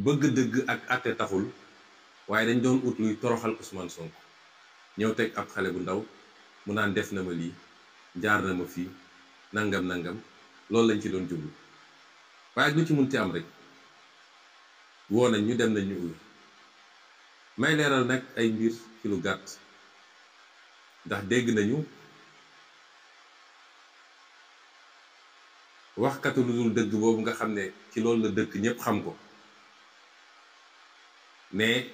bëgg dëgg ak àtte taxul waaye dañ doon ut luy toroxal Ousmane sonk ñëw teg ab xale bu ndaw mu naan def na ma lii jaar na ma fii nangam nangam loolu lañ ci doon jublu waaye ak lu ci munti am rek woo nañ ñu dem nañu ñu may leeral nag ay mbir ci lu gàtt ndax dégg nañu waxkatu lu dul dëgg boobu nga xam ne ci loolu la dëkk ñépp xam ko ne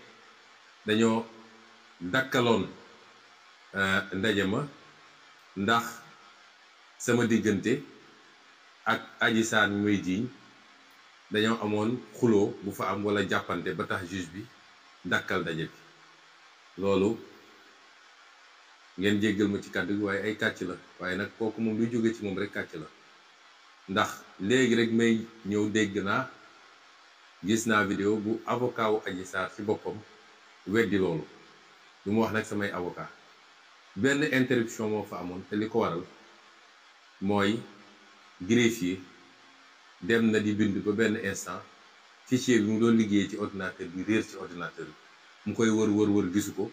dañoo dakkaloon euh, ndaje ma ndax sama diggante ak aji saan muy jiiñ dañoo amoon xuloo bu fa am walla jàppante ba tax juge bi dakkal ndaje bi loolu ngeen jéggal ma ci kàddu gi waaye ay kàcc la waaye nag kooku moom luy jóge ci moom rek kàcc la ndax léegi rek may ñëw dégg naa gis naa vidéo bu avocat wu Adji Sarr ci boppam weddi loolu lu mu wax nag samay avocat benn interruption moo fa amoon te li ko waral mooy greffier dem na di bind ba benn instant fichier bi mu doon liggéeyee ci ordinateur bi réer ci ordinateur bi mu koy wër wër wër gisu ko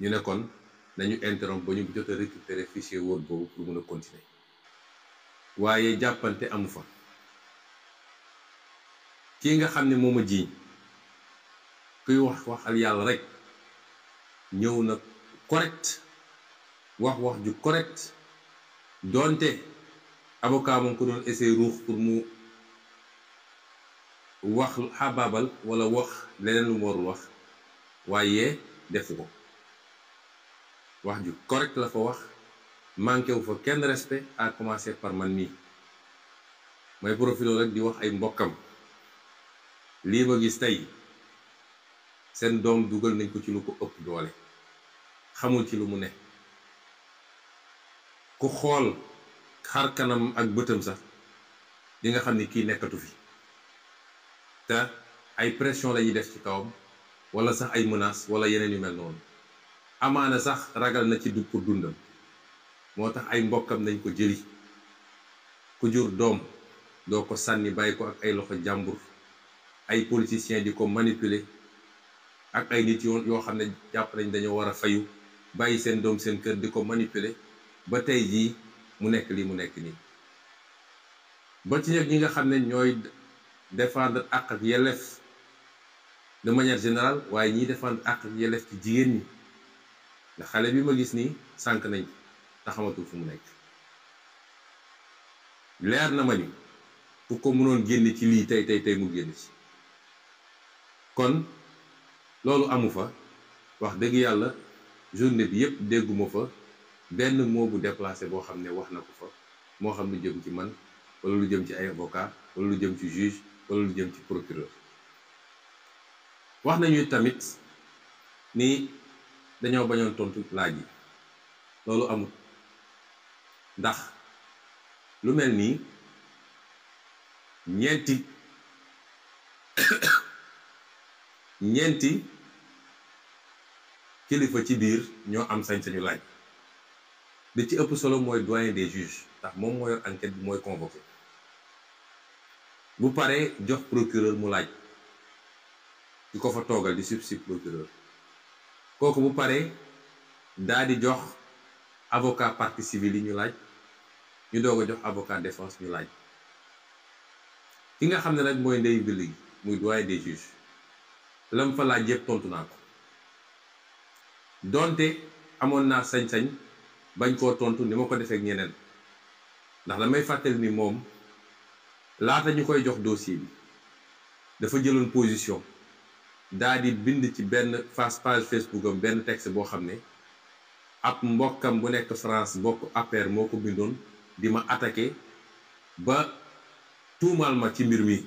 ñu nekkoon kon nañu interrompre ba ñu jot a récupérer fichier Word boobu pour mun a continuer waaye jàppante amu fa kii nga xam ne moo ma jiiñ kuy wax waxal yàlla rek ñëw na correct wax wax ju correct doonte avocat moom ko doon essayer ruux pour mu wax xabaabal wala wax leneen lu mu wax waaye defu ko wax ju correct la fa wax manqué wu fa kenn respect à commencer par man mii may profiloo rek di wax ay mbokkam lii ma gis tey seen doom dugal nañ ko ci lu ko ëpp doole xamul ci lu mu ne ku xool xar kanam ak bëtam sax di nga xam ni kii nekkatu fi te ay pression lañuy def ci kawam walla sax ay menaces wala yeneen yu mel noonu amaana sax ragal na ci du pour dundam moo tax ay mbokkam nañ ko jëli ku jur doom doo ko sànni bàyyi ko ak ay loxo jàmbur ay politiciens di ko manipuler ak ay nit yoon yoo xam ne jàpp nañ dañoo war a fayu bàyyi seen doom seen kër di ko manipuler ba tey jii mu nekk lii mu nekk nii ba ci ñi nga xam ne ñooy défendre àq ak yelleef de manière générale waaye ñiy défendre àq ak yelleef ci jigéen ñi nga xale bi ma gis nii sànq nañ te xamatul fu mu nekk leer na ma ni ku ko mënoon génn ci lii tey tey tey mu génn ci kon loolu amu fa wax dëgg yàlla journée bi yépp dégguma fa benn mot bu boo xam ne wax na ko fa moo xam lu jëm ci man wala lu jëm ci ay avocat wala lu jëm ci juge wala lu jëm ci procureur wax nañu tamit nii dañoo bañoon tontu laaj yi loolu amut ndax lu mel nii ñeenti ñeenti kilifa ci biir ñoo am sañ-sañu laaj li ci ëpp solo mooy doyen des juges ndax moom moo yor enquête bi mooy convoqué bu paree jox procureur mu laaj ki ko fa toogal di substitut procureur kooku bu paree daa jox avocat partie civile yi ñu laaj ñu doog a jox avocat défense ñu laaj ki nga xam ne nag mooy ndey bi muy doyen des juges lam fa laaj tontu naa ko donte amoon naa sañ-sañ bañ koo tontu ni ma ko defee ak ñeneen ndax damay fàttali ni moom laata ñu koy jox dossier bi dafa jëloon position daa di bind ci benn face page Facebook benn texte boo xam ne ab mbokkam bu nekk France bokk APR moo ko bindoon di ma attaqué ba tuumaal ma ci mbir mi.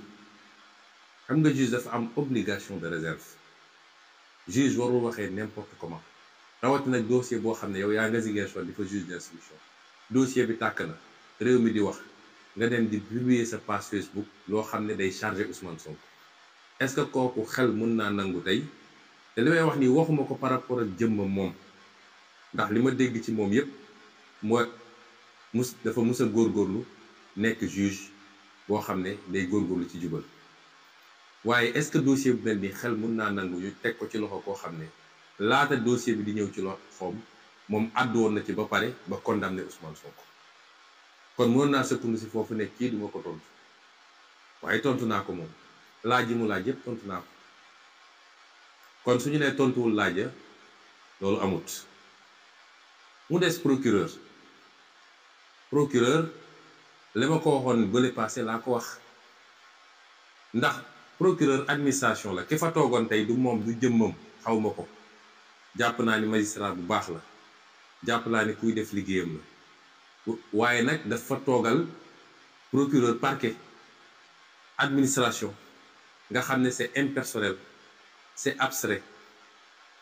xam nga juge dafa am obligation de réserve juge warul waxee n'importe comment rawat nag dossier boo xam ne yow yaa nga Ziguinchor di fa juge d'instruction dossier bi tàkk na réew mi di wax nga dem di publier sa page Facebook loo xam ne day chargé Ousmane Sonko est-ce que kooku xel mun naa nangu tey te li may wax nii waxuma ko par rapport ak jëmmam moom ndax li ma dégg ci moom yépp mooy mus dafa mus góor góorlu nekk juge boo xam ne day góorgóorlu ci jubal waaye est-ce que dossier bu mel ni xel mun naa nangu ñu teg ko ci loxo koo xam ne laata dossier bi di ñëw ci loxoom moom àddu woon na ci ba pare ba condamné Ousmane Sonko kon mënoon naa sëkkund si foofu ne kii duma ko tontu waaye tontu naa ko moom laaj yi mu laaj yëpp tontu naa ko kon su ñu nee tontuwul laaja loolu amut mu des procureur procureur li ma ko waxoon bële passé laa ko wax ndax. procureur administration la ki fa toogoon tey du moom du jëmmam xaw ma ko jàpp naa ni magistrat bu baax la jàpp naa ni kuy def liggéeyam la waaye nag daf fa toogal procureur parquet administration nga xam ne c'est impersonnel c'est abstrait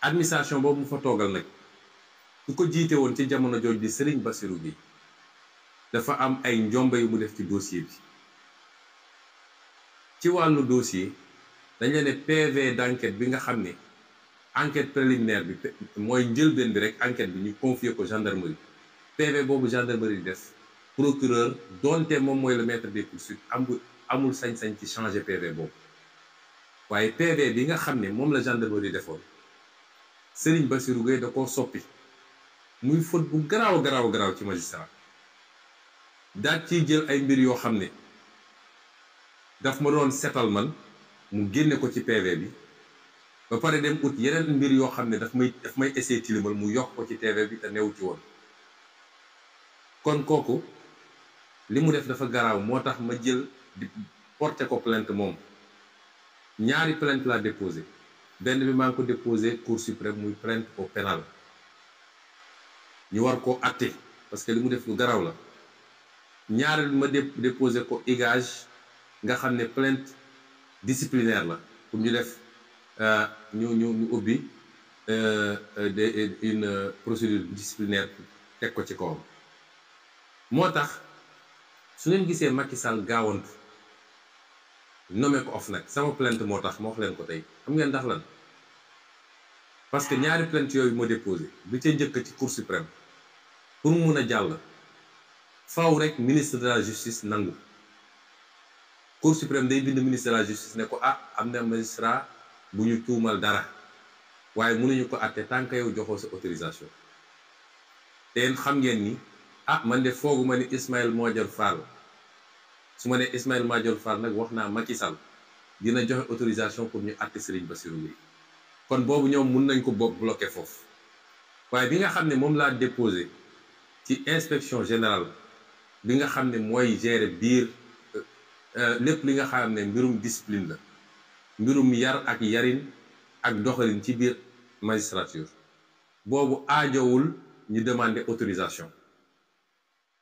administration boobu mu fa toogal nag ku ko jiite woon ci jamono jooj di Serigne Bassirou bi dafa am ay njombe yu mu def ci dossier bi ci wàllu dossier dañ la ne PV d'enquête bi nga xam ne enquête préliminaire bi mooy njëlbeen bi rek enquête bi ñu confier ko gendarmerie PV boobu gendarmerie des procureur donte moom mooy le maître des poursuites amul amul sañ-sañ ci changer PV boobu waaye PV bi nga xam ne moom la gendarmerie defoon Serigne Bassirou Gueye da koo soppi muy faute bu garaaw garaaw garaaw ci magistrat daal ci jël ay mbir yoo xam ne. daf ma doon setal man mu génne ko ci PV bi ba pare dem ut yeneen mbir yoo xam ne daf may daf may essayé tilimal mu yokk ko ci TV bi te newu ci woon kon kooku li mu def dafa garaaw moo tax ma jël di porter ko plainte moom ñaari plainte laa déposé benn bi maa ngi ko déposé cour suprême muy plainte au pénal ñu war koo atte parce que li mu def lu garaaw la ñaareel ma déposé ko igage nga xam ne plainte disciplinaire la pour ñu def euh, ñu ñu ñu ubbi euh, de une procédure disciplinaire teg ko ci kawam moo tax su ngeen gisee Macky Sall gaawantu nommé ko of nag sama plainte moo tax ma wax leen ko tey xam ngeen ndax lan parce que ñaari plainte yooyu ma déposé bi ca njëkk ci cour suprême pour mu mun a jàll faaw rek ministre de la justice nangu cour suprême day bind ministre la justice ne ko ah am na magistrat bu ñu tuumal dara waaye mënuñu ko àtte tant que yow joxoo sa autorisation teen xam ngeen ni ah man de foogu ma ne Ismaïla Madior Fall su ma ne Ismaïla Madior Fall nag wax naa Macky Sall dina joxe autorisation pour ñu àtte Serigne Bassirou Guèye kon boobu ñëw mun nañ ko bopp bloqué foofu waaye bi nga xam ne moom laa déposé ci inspection général bi nga xam ne mooy gérer biir Euh, lépp li nga xam ne mbirum discipline la mbirum yar ak yarin ak doxalin ci biir magistrature boobu aajowul ñu demander autorisation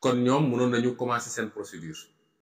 kon ñoom mënoon nañu commencer seen procédure